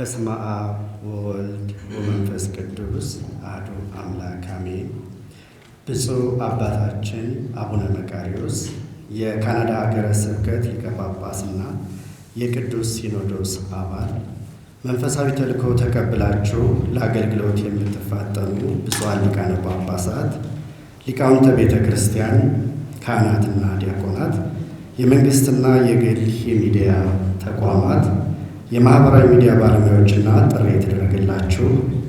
በስመ አብ ወወልድ ወመንፈስ ቅዱስ አሐዱ አምላክ አሜን። ብፁዕ አባታችን አቡነ መቃርዮስ የካናዳ ሀገረ ስብከት ሊቀ ጳጳስና የቅዱስ ሲኖዶስ አባል መንፈሳዊ ተልእኮ ተቀብላችሁ ለአገልግሎት የምትፋጠኑ ብፁዓን ሊቃነ ጳጳሳት፣ ሊቃውንተ ቤተ ክርስቲያን፣ ካህናትና ዲያቆናት፣ የመንግስትና የግል የሚዲያ ተቋማት የማህበራዊ ሚዲያ ባለሙያዎችና ጥሪ የተደረገላችሁ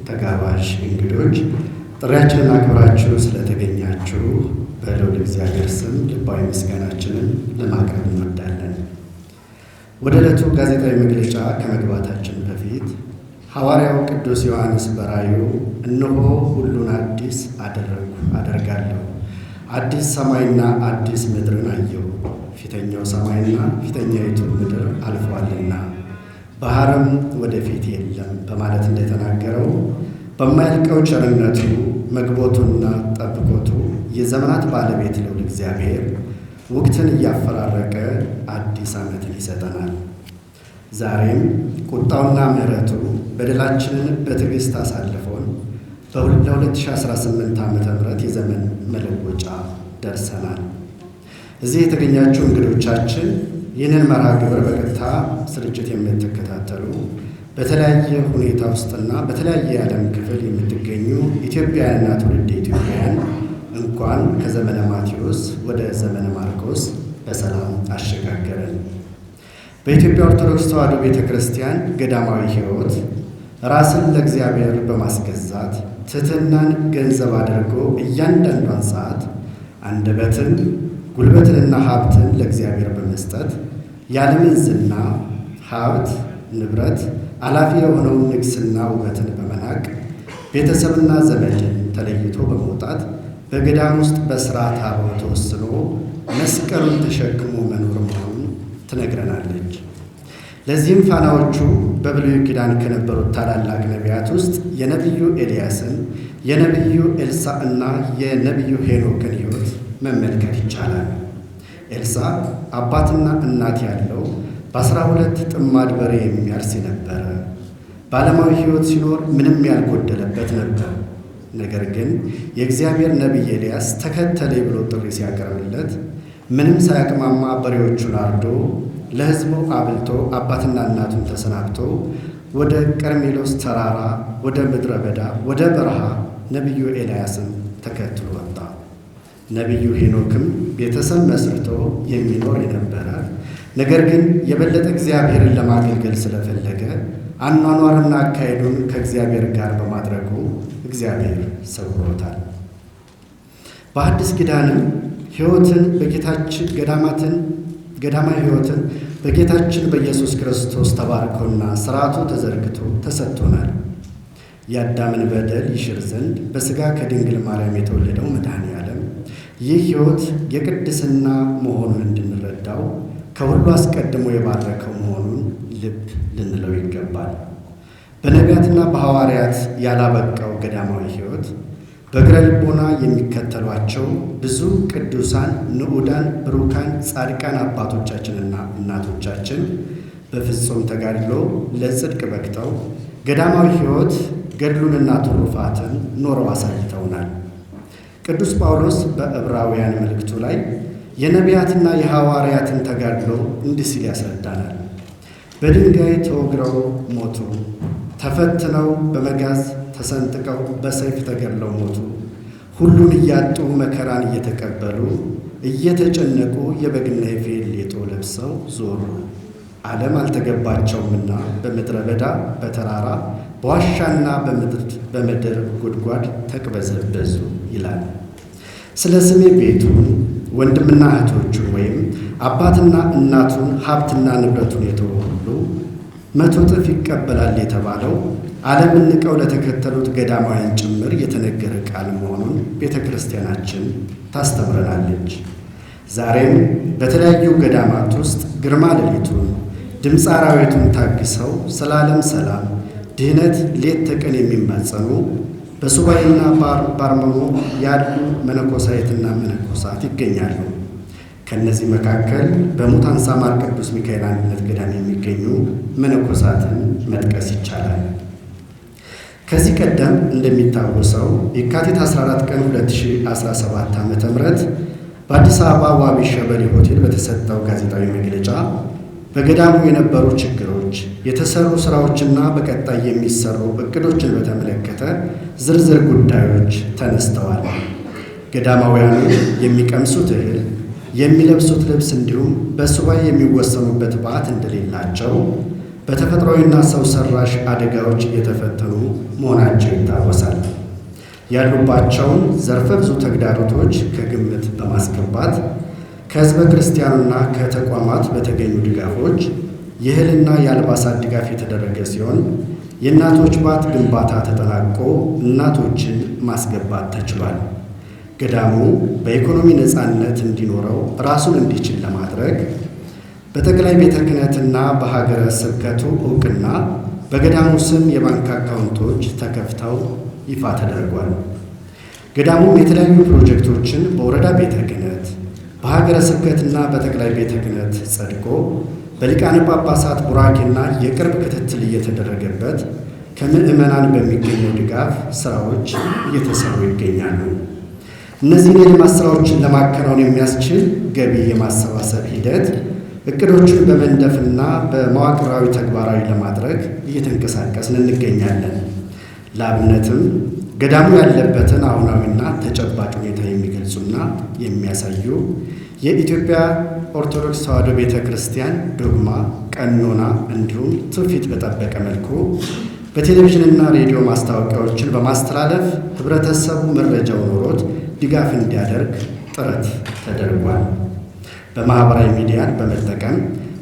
ተጋባዥ እንግዶች ጥሪያችንን አክብራችሁ ስለተገኛችሁ በልዑል እግዚአብሔር ስም ልባዊ ምስጋናችንን ለማቅረብ እንወዳለን። ወደ ዕለቱ ጋዜጣዊ መግለጫ ከመግባታችን በፊት ሐዋርያው ቅዱስ ዮሐንስ በራእዩ እነሆ ሁሉን አዲስ አደረግሁ አደርጋለሁ አዲስ ሰማይና አዲስ ምድርን አየሁ ፊተኛው ሰማይና ፊተኛይቱ ምድር አልፏልና ባህርም ወደፊት የለም በማለት እንደተናገረው በማያልቀው ቸርነቱ መግቦቱና ጠብቆቱ የዘመናት ባለቤት ልዑል እግዚአብሔር ወቅትን እያፈራረቀ አዲስ ዓመትን ይሰጠናል። ዛሬም ቁጣውና ምሕረቱ በደላችንን በትዕግስት አሳልፎን በ2018 ዓ ም የዘመን መለወጫ ደርሰናል። እዚህ የተገኛችሁ እንግዶቻችን ይህንን መርሃ ግብር በቀጥታ ስርጭት የምትከታተሉ በተለያየ ሁኔታ ውስጥና በተለያየ የዓለም ክፍል የምትገኙ ኢትዮጵያውያንና ትውልድ ኢትዮጵያውያን እንኳን ከዘመነ ማቴዎስ ወደ ዘመነ ማርቆስ በሰላም አሸጋገረን። በኢትዮጵያ ኦርቶዶክስ ተዋሕዶ ቤተ ክርስቲያን ገዳማዊ ሕይወት ራስን ለእግዚአብሔር በማስገዛት ትህትናን ገንዘብ አድርጎ እያንዳንዷን ሰዓት አንደበትን፣ ጉልበትንና ሀብትን ለእግዚአብሔር በመስጠት የዓለምን ዝና፣ ሀብት፣ ንብረት አላፊ የሆነውን ንግስና ውበትን በመናቅ ቤተሰብና ዘመድን ተለይቶ በመውጣት በገዳም ውስጥ በስርዓት አበው ተወስኖ መስቀሉን ተሸክሞ መኖር መሆኑን ትነግረናለች። ለዚህም ፋናዎቹ በብሉይ ኪዳን ከነበሩት ታላላቅ ነቢያት ውስጥ የነቢዩ ኤልያስን፣ የነቢዩ ኤልሳዕ እና የነቢዩ ሄኖክን ሕይወት መመልከት ይቻላል። ኤልሳ አባትና እናት ያለው በአስራ ሁለት ጥማድ በሬ የሚያርስ ነበረ። በዓለማዊ ሕይወት ሲኖር ምንም ያልጎደለበት ነበር። ነገር ግን የእግዚአብሔር ነቢይ ኤልያስ ተከተለ ብሎ ጥሪ ሲያቀርብለት ምንም ሳያቅማማ በሬዎቹን አርዶ ለሕዝቡ አብልቶ አባትና እናቱን ተሰናብቶ ወደ ቀርሜሎስ ተራራ ወደ ምድረ በዳ ወደ በረሃ ነቢዩ ኤልያስን ተከትሎ ነቢዩ ሄኖክም ቤተሰብ መስርቶ የሚኖር የነበረ ነገር ግን የበለጠ እግዚአብሔርን ለማገልገል ስለፈለገ አኗኗርና አካሄዱን ከእግዚአብሔር ጋር በማድረጉ እግዚአብሔር ሰውሮታል። በአዲስ ኪዳንም ሕይወትን በጌታችን ገዳማትን ገዳማ ሕይወትን በጌታችን በኢየሱስ ክርስቶስ ተባርኮና ስርዓቱ ተዘርግቶ ተሰጥቶናል። የአዳምን በደል ይሽር ዘንድ በሥጋ ከድንግል ማርያም የተወለደው መድኃኒያ ይህ ሕይወት የቅድስና መሆኑን እንድንረዳው ከሁሉ አስቀድሞ የባረከው መሆኑን ልብ ልንለው ይገባል። በነቢያትና በሐዋርያት ያላበቃው ገዳማዊ ሕይወት በግረ ልቦና የሚከተሏቸው ብዙ ቅዱሳን፣ ንዑዳን፣ ብሩካን፣ ጻድቃን አባቶቻችንና እናቶቻችን በፍጹም ተጋድሎ ለጽድቅ በቅተው ገዳማዊ ሕይወት ገድሉንና ትሩፋትን ኖረው አሳይተውናል። ቅዱስ ጳውሎስ በዕብራውያን መልእክቱ ላይ የነቢያትና የሐዋርያትን ተጋድሎ እንዲህ ሲል ያስረዳናል። በድንጋይ ተወግረው ሞቱ፣ ተፈትነው በመጋዝ ተሰንጥቀው በሰይፍ ተገድለው ሞቱ፣ ሁሉን እያጡ መከራን እየተቀበሉ እየተጨነቁ የበግና የፍየል ሌጦ ለብሰው ዞሩ። ዓለም አልተገባቸውምና በምድረ በዳ በተራራ በዋሻና በምድር ጉድጓድ ተቅበዘበዙ ይላል። ስለ ስሜ ቤቱን ወንድምና እህቶቹን ወይም አባትና እናቱን ሀብትና ንብረቱን የተወ ሁሉ መቶ እጥፍ ይቀበላል የተባለው ዓለምን ንቀው ለተከተሉት ገዳማውያን ጭምር የተነገረ ቃል መሆኑን ቤተ ክርስቲያናችን ታስተምረናለች። ዛሬም በተለያዩ ገዳማት ውስጥ ግርማ ሌሊቱን ድምፅ አራዊቱን ታግሰው ስለ ዓለም ሰላም ድህነት ሌት ተቀን የሚማጸኑ በሱባኤና ባርመሞ ያሉ መነኮሳይትና መነኮሳት ይገኛሉ። ከእነዚህ መካከል በሙታን ሳማር ቅዱስ ሚካኤል አንድነት ገዳም የሚገኙ መነኮሳትን መጥቀስ ይቻላል። ከዚህ ቀደም እንደሚታወሰው የካቲት 14 ቀን 2017 ዓ ም በአዲስ አበባ ዋቢ ሸበሌ ሆቴል በተሰጠው ጋዜጣዊ መግለጫ በገዳሙ የነበሩ ችግሮች፣ የተሰሩ ስራዎችና በቀጣይ የሚሰሩ እቅዶችን በተመለከተ ዝርዝር ጉዳዮች ተነስተዋል። ገዳማውያኑ የሚቀምሱት እህል፣ የሚለብሱት ልብስ እንዲሁም በሱባኤ የሚወሰኑበት በዓት እንደሌላቸው በተፈጥሯዊና ሰው ሰራሽ አደጋዎች የተፈተኑ መሆናቸው ይታወሳል። ያሉባቸውን ዘርፈ ብዙ ተግዳሮቶች ከግምት በማስገባት ከህዝበ ክርስቲያኑና ከተቋማት በተገኙ ድጋፎች የእህልና የአልባሳት ድጋፍ የተደረገ ሲሆን የእናቶች ባት ግንባታ ተጠናቆ እናቶችን ማስገባት ተችሏል። ገዳሙ በኢኮኖሚ ነፃነት እንዲኖረው ራሱን እንዲችል ለማድረግ በጠቅላይ ቤተ ክህነትና በሀገረ ስብከቱ እውቅና በገዳሙ ስም የባንክ አካውንቶች ተከፍተው ይፋ ተደርጓል። ገዳሙም የተለያዩ ፕሮጀክቶችን በወረዳ ቤተ ክህነት በሀገረ ስብከትና በጠቅላይ ቤተ ክህነት ጸድቆ በሊቃነ ጳጳሳት ቡራኬና የቅርብ ክትትል እየተደረገበት ከምዕመናን በሚገኘው ድጋፍ ስራዎች እየተሰሩ ይገኛሉ። እነዚህን የልማት ስራዎችን ለማከናወን የሚያስችል ገቢ የማሰባሰብ ሂደት እቅዶችን በመንደፍና በመዋቅራዊ ተግባራዊ ለማድረግ እየተንቀሳቀስን እንገኛለን። ለአብነትም ገዳሙ ያለበትን አሁናዊና ተጨባጭ ሁኔታ የሚገልጹና የሚያሳዩ የኢትዮጵያ ኦርቶዶክስ ተዋሕዶ ቤተ ክርስቲያን ዶግማ፣ ቀኖና እንዲሁም ትውፊት በጠበቀ መልኩ በቴሌቪዥንና ሬዲዮ ማስታወቂያዎችን በማስተላለፍ ህብረተሰቡ መረጃው ኖሮት ድጋፍ እንዲያደርግ ጥረት ተደርጓል። በማኅበራዊ ሚዲያን በመጠቀም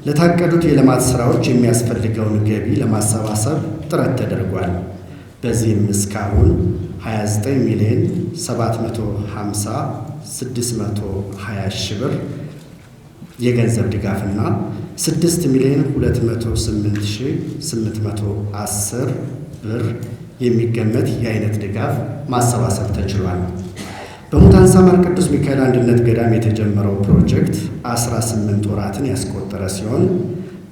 ለታቀዱት የልማት ሥራዎች የሚያስፈልገውን ገቢ ለማሰባሰብ ጥረት ተደርጓል። በዚህም እስካሁን 29 ሚሊዮን 750 620 ሺህ ብር የገንዘብ ድጋፍና 6 ሚሊዮን 810 ብር የሚገመት የአይነት ድጋፍ ማሰባሰብ ተችሏል። በሙታን ሳማር ቅዱስ ሚካኤል አንድነት ገዳም የተጀመረው ፕሮጀክት 18 ወራትን ያስቆጠረ ሲሆን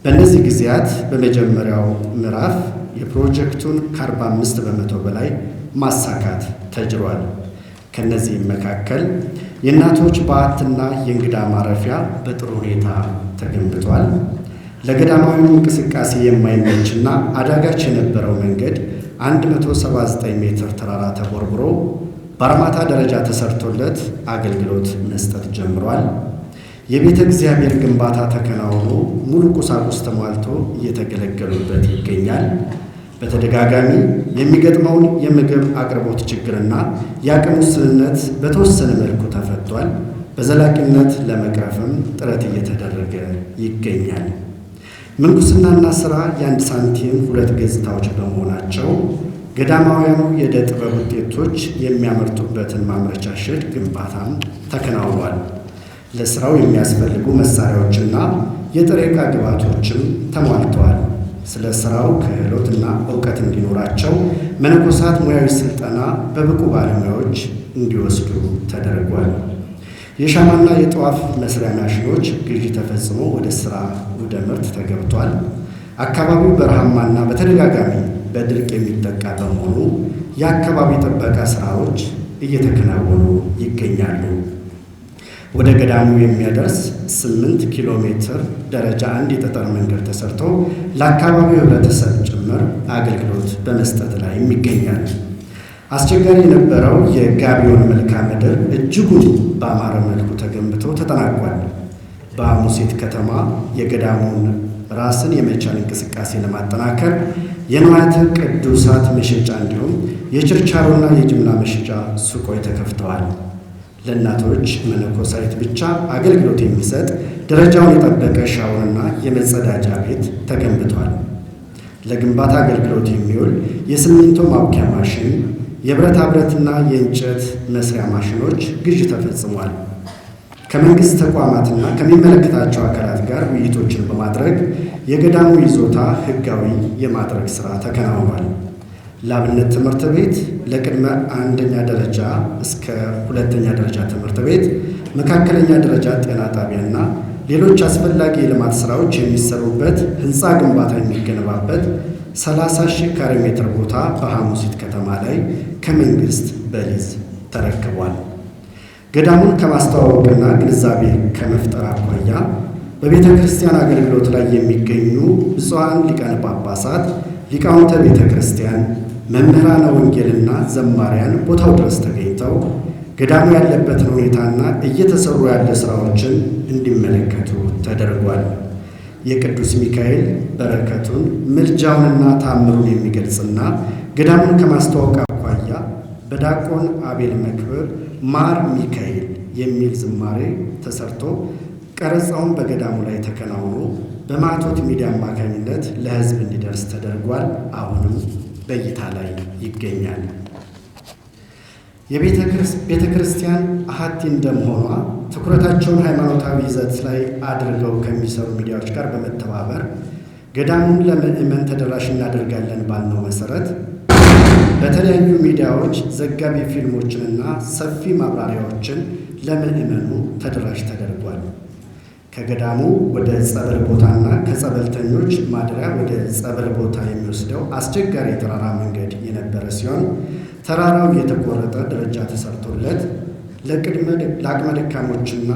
በእነዚህ ጊዜያት በመጀመሪያው ምዕራፍ የፕሮጀክቱን ከ45 በመቶ በላይ ማሳካት ተጅሯል። ከነዚህም መካከል የእናቶች በዓትና የእንግዳ ማረፊያ በጥሩ ሁኔታ ተገንብቷል። ለገዳማዊ እንቅስቃሴ የማይመችና አዳጋች የነበረው መንገድ 179 ሜትር ተራራ ተቦርብሮ በአርማታ ደረጃ ተሰርቶለት አገልግሎት መስጠት ጀምሯል። የቤተ እግዚአብሔር ግንባታ ተከናውኖ ሙሉ ቁሳቁስ ተሟልቶ እየተገለገሉበት ይገኛል። በተደጋጋሚ የሚገጥመውን የምግብ አቅርቦት ችግርና የአቅም ውስንነት በተወሰነ መልኩ ተፈቷል። በዘላቂነት ለመቅረፍም ጥረት እየተደረገ ይገኛል። ምንኩስናና ሥራ የአንድ ሳንቲም ሁለት ገጽታዎች በመሆናቸው ገዳማውያኑ የዕደ ጥበብ ውጤቶች የሚያመርቱበትን ማምረቻ ሸድ ግንባታም ተከናውኗል። ለሥራው የሚያስፈልጉ መሳሪያዎችና የጥሬ ዕቃ ግብዓቶችም ተሟልተዋል። ስለ ስራው ክህሎትና እውቀት እንዲኖራቸው መነኮሳት ሙያዊ ስልጠና በብቁ ባለሙያዎች እንዲወስዱ ተደርጓል። የሻማና የጠዋፍ መስሪያ ማሽኖች ግዢ ተፈጽሞ ወደ ስራ ወደ ምርት ተገብቷል። አካባቢው በረሃማና በተደጋጋሚ በድርቅ የሚጠቃ በመሆኑ የአካባቢ ጥበቃ ስራዎች እየተከናወኑ ይገኛሉ። ወደ ገዳሙ የሚያደርስ 8 ኪሎ ሜትር ደረጃ አንድ የጠጠር መንገድ ተሰርቶ ለአካባቢው ህብረተሰብ ጭምር አገልግሎት በመስጠት ላይ ይገኛል። አስቸጋሪ የነበረው የጋቢዮን መልክዓ ምድር እጅጉን በአማረ መልኩ ተገንብቶ ተጠናቋል። በሐሙሴት ከተማ የገዳሙን ራስን የመቻል እንቅስቃሴ ለማጠናከር የንዋያተ ቅዱሳት መሸጫ እንዲሁም የችርቻሮና የጅምላ መሸጫ ሱቆች ተከፍተዋል። ለእናቶች መነኮሳይት ብቻ አገልግሎት የሚሰጥ ደረጃውን የጠበቀ ሻወርና የመጸዳጃ ቤት ተገንብቷል። ለግንባታ አገልግሎት የሚውል የሲሚንቶ ማቡኪያ ማሽን፣ የብረታ ብረትና የእንጨት መስሪያ ማሽኖች ግዥ ተፈጽሟል። ከመንግሥት ተቋማትና ከሚመለከታቸው አካላት ጋር ውይይቶችን በማድረግ የገዳሙ ይዞታ ሕጋዊ የማድረግ ሥራ ተከናውኗል። ለአብነት ትምህርት ቤት ለቅድመ አንደኛ ደረጃ እስከ ሁለተኛ ደረጃ ትምህርት ቤት፣ መካከለኛ ደረጃ ጤና ጣቢያና ሌሎች አስፈላጊ የልማት ስራዎች የሚሰሩበት ህንፃ ግንባታ የሚገነባበት 30 ሺህ ካሬ ሜትር ቦታ በሐሙሲት ከተማ ላይ ከመንግስት በሊዝ ተረክቧል። ገዳሙን ከማስተዋወቅና ግንዛቤ ከመፍጠር አኳያ በቤተ ክርስቲያን አገልግሎት ላይ የሚገኙ ብፁዓን ሊቃነ ጳጳሳት ሊቃውንተ ቤተ ክርስቲያን መምህራነ ወንጌልና ዘማሪያን ቦታው ድረስ ተገኝተው ገዳሙ ያለበትን ሁኔታና እየተሰሩ ያለ ስራዎችን እንዲመለከቱ ተደርጓል። የቅዱስ ሚካኤል በረከቱን ምልጃውንና ታምሩን የሚገልጽና ገዳሙን ከማስተዋወቅ አኳያ በዲያቆን አቤል መክብር ማር ሚካኤል የሚል ዝማሬ ተሰርቶ ቀረጻውን በገዳሙ ላይ ተከናውኖ በማቶት ሚዲያ አማካኝነት ለሕዝብ እንዲደርስ ተደርጓል። አሁንም በእይታ ላይ ይገኛል። የቤተ ክርስቲያን አሀቲ እንደመሆኗ ትኩረታቸውን ሃይማኖታዊ ይዘት ላይ አድርገው ከሚሰሩ ሚዲያዎች ጋር በመተባበር ገዳሙን ለምእመን ተደራሽ እናደርጋለን ባልነው መሰረት በተለያዩ ሚዲያዎች ዘጋቢ ፊልሞችንና ሰፊ ማብራሪያዎችን ለምዕመኑ ተደራሽ ተደርጓል። ከገዳሙ ወደ ጸበል ቦታና ከጸበልተኞች ማደሪያ ወደ ጸበል ቦታ የሚወስደው አስቸጋሪ የተራራ መንገድ የነበረ ሲሆን ተራራው የተቆረጠ ደረጃ ተሰርቶለት ለአቅመ ደካሞችና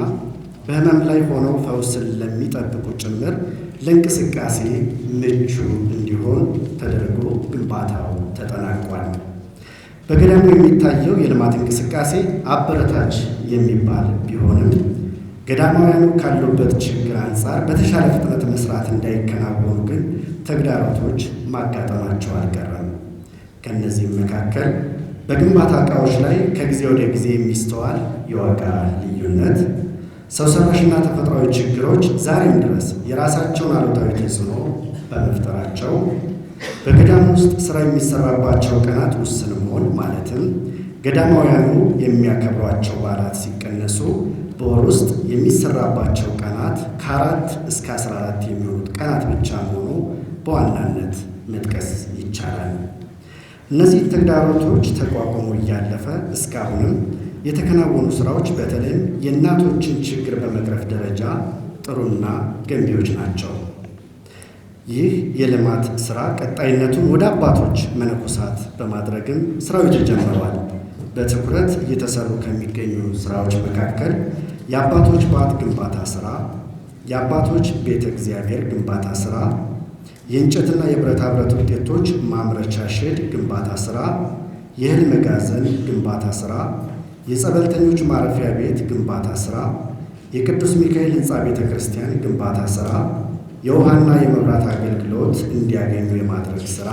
በህመም ላይ ሆነው ፈውስን ለሚጠብቁ ጭምር ለእንቅስቃሴ ምቹ እንዲሆን ተደርጎ ግንባታው ተጠናቋል። በገዳሙ የሚታየው የልማት እንቅስቃሴ አበረታች የሚባል ቢሆንም ገዳማውያኑ ካሉበት ችግር አንጻር በተሻለ ፍጥነት መስራት እንዳይከናወኑ ግን ተግዳሮቶች ማጋጠማቸው አልቀረም። ከእነዚህም መካከል በግንባታ እቃዎች ላይ ከጊዜ ወደ ጊዜ የሚስተዋል የዋጋ ልዩነት፣ ሰው ሰራሽና ተፈጥሯዊ ችግሮች ዛሬም ድረስ የራሳቸውን አሉታዊ ተጽዕኖ በመፍጠራቸው በገዳም ውስጥ ስራ የሚሰራባቸው ቀናት ውስን መሆን ማለትም ገዳማውያኑ የሚያከብሯቸው በዓላት ሲቀነሱ በወር ውስጥ የሚሰራባቸው ቀናት ከአራት እስከ 14 የሚሆኑት ቀናት ብቻ መሆኑ በዋናነት መጥቀስ ይቻላል። እነዚህ ተግዳሮቶች ተቋቁሞ እያለፈ እስካሁንም የተከናወኑ ስራዎች በተለይም የእናቶችን ችግር በመቅረፍ ደረጃ ጥሩና ገንቢዎች ናቸው። ይህ የልማት ስራ ቀጣይነቱን ወደ አባቶች መነኮሳት በማድረግም ስራዎች ተጀምረዋል። በትኩረት እየተሰሩ ከሚገኙ ስራዎች መካከል የአባቶች ባት ግንባታ ስራ፣ የአባቶች ቤተ እግዚአብሔር ግንባታ ስራ፣ የእንጨትና የብረታ ብረት ውጤቶች ማምረቻ ሼድ ግንባታ ስራ፣ የእህል መጋዘን ግንባታ ስራ፣ የጸበልተኞች ማረፊያ ቤት ግንባታ ስራ፣ የቅዱስ ሚካኤል ህንፃ ቤተ ክርስቲያን ግንባታ ስራ፣ የውሃና የመብራት አገልግሎት እንዲያገኙ የማድረግ ስራ፣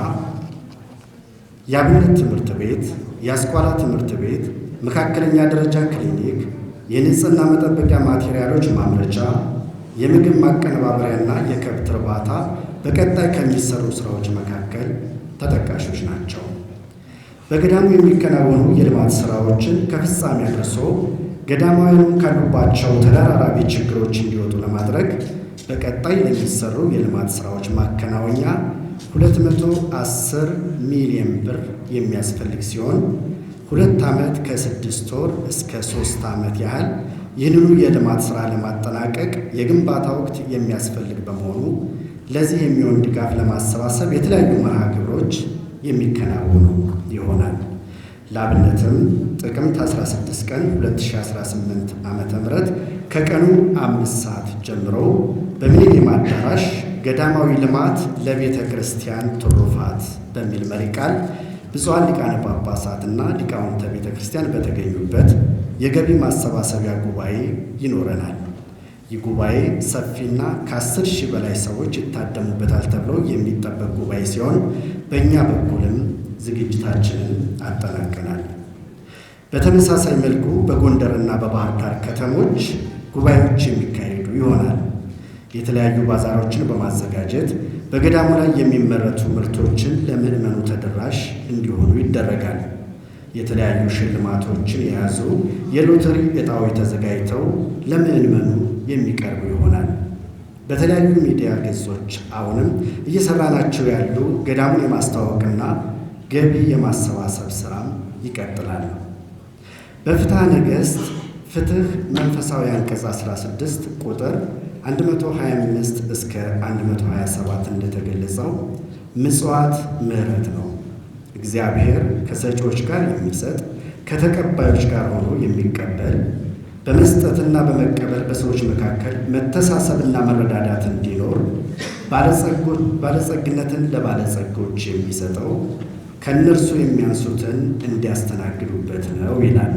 የአብነት ትምህርት ቤት፣ የአስኳላ ትምህርት ቤት፣ መካከለኛ ደረጃ ክሊኒክ የንጽህና መጠበቂያ ማቴሪያሎች ማምረቻ፣ የምግብ ማቀነባበሪያና የከብት እርባታ በቀጣይ ከሚሰሩ ስራዎች መካከል ተጠቃሾች ናቸው። በገዳሙ የሚከናወኑ የልማት ስራዎችን ከፍጻሜ አድርሶ ገዳማውያኑን ካሉባቸው ተደራራቢ ችግሮች እንዲወጡ ለማድረግ በቀጣይ ለሚሰሩ የልማት ስራዎች ማከናወኛ 210 ሚሊዮን ብር የሚያስፈልግ ሲሆን ሁለት ዓመት ከስድስት ወር እስከ ሶስት ዓመት ያህል ይህንኑ የልማት ሥራ ለማጠናቀቅ የግንባታ ወቅት የሚያስፈልግ በመሆኑ ለዚህ የሚሆን ድጋፍ ለማሰባሰብ የተለያዩ መርሃ ግብሮች የሚከናወኑ ይሆናል። ለአብነትም ጥቅምት 16 ቀን 2018 ዓ ም ከቀኑ አምስት ሰዓት ጀምሮ በሚሊኒየም አዳራሽ ገዳማዊ ልማት ለቤተ ክርስቲያን ትሩፋት በሚል መሪ ቃል ብፁዓን ሊቃነ ጳጳሳትና ሊቃውንተ ቤተ ክርስቲያን በተገኙበት የገቢ ማሰባሰቢያ ጉባኤ ይኖረናል። ይህ ጉባኤ ሰፊና ከአስር ሺህ በላይ ሰዎች ይታደሙበታል ተብሎ የሚጠበቅ ጉባኤ ሲሆን በእኛ በኩልም ዝግጅታችንን አጠናቀናል። በተመሳሳይ መልኩ በጎንደርና በባህር ዳር ከተሞች ጉባኤዎች የሚካሄዱ ይሆናል። የተለያዩ ባዛሮችን በማዘጋጀት በገዳሙ ላይ የሚመረቱ ምርቶችን ለምዕመኑ ተደራሽ እንዲሆኑ ይደረጋል። የተለያዩ ሽልማቶችን የያዙ የሎተሪ ዕጣዎች ተዘጋጅተው ለምዕመኑ የሚቀርቡ ይሆናል። በተለያዩ ሚዲያ ገጾች አሁንም እየሰራናቸው ያሉ ገዳሙን የማስተዋወቅና ገቢ የማሰባሰብ ስራም ይቀጥላል። በፍትሐ ነገሥት ፍትህ መንፈሳዊ አንቀጽ 16 ቁጥር 125 እስከ 127 እንደተገለጸው ምጽዋት ምሕረት ነው። እግዚአብሔር ከሰጪዎች ጋር የሚሰጥ ከተቀባዮች ጋር ሆኖ የሚቀበል በመስጠትና በመቀበል በሰዎች መካከል መተሳሰብና መረዳዳት እንዲኖር ባለጸግነትን ለባለጸጎች የሚሰጠው ከእነርሱ የሚያንሱትን እንዲያስተናግዱበት ነው ይላል።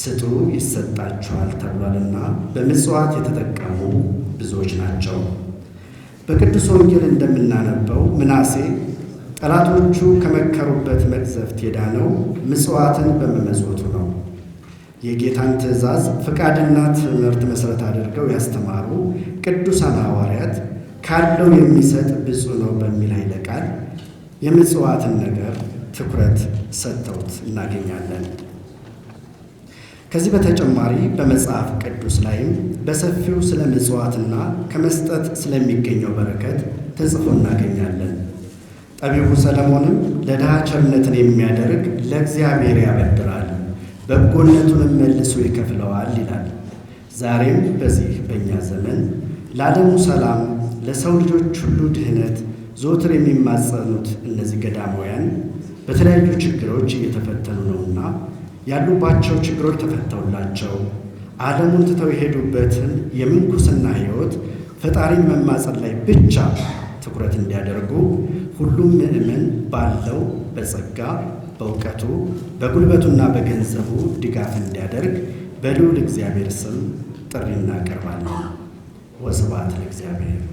ስጡ ይሰጣችኋል ተብሏልና በምጽዋት የተጠቀሙ ብዙዎች ናቸው። በቅዱስ ወንጌል እንደምናነበው ምናሴ ጠላቶቹ ከመከሩበት መቅዘፍት የዳነው ምጽዋትን በመመጽወቱ ነው። የጌታን ትእዛዝ ፍቃድና ትምህርት መሠረት አድርገው ያስተማሩ ቅዱሳን ሐዋርያት ካለው የሚሰጥ ብፁ ነው በሚል ኃይለ ቃል የምጽዋትን ነገር ትኩረት ሰጥተውት እናገኛለን። ከዚህ በተጨማሪ በመጽሐፍ ቅዱስ ላይም በሰፊው ስለ ምጽዋትና ከመስጠት ስለሚገኘው በረከት ተጽፎ እናገኛለን። ጠቢቡ ሰለሞንም ለድሃ ቸርነትን የሚያደርግ ለእግዚአብሔር ያበድራል፣ በጎነቱንም መልሶ ይከፍለዋል ይላል። ዛሬም በዚህ በእኛ ዘመን ለዓለሙ ሰላም ለሰው ልጆች ሁሉ ድህነት ዘወትር የሚማጸኑት እነዚህ ገዳማውያን በተለያዩ ችግሮች እየተፈተኑ ነውና ያሉባቸው ችግሮች ተፈተውላቸው ዓለሙን ትተው የሄዱበትን የምንኩስና ሕይወት ፈጣሪን መማጸን ላይ ብቻ ትኩረት እንዲያደርጉ ሁሉም ምእምን ባለው በጸጋ በእውቀቱ በጉልበቱና በገንዘቡ ድጋፍ እንዲያደርግ በልዑል እግዚአብሔር ስም ጥሪ እናቀርባለን። ወስብሐት ለእግዚአብሔር።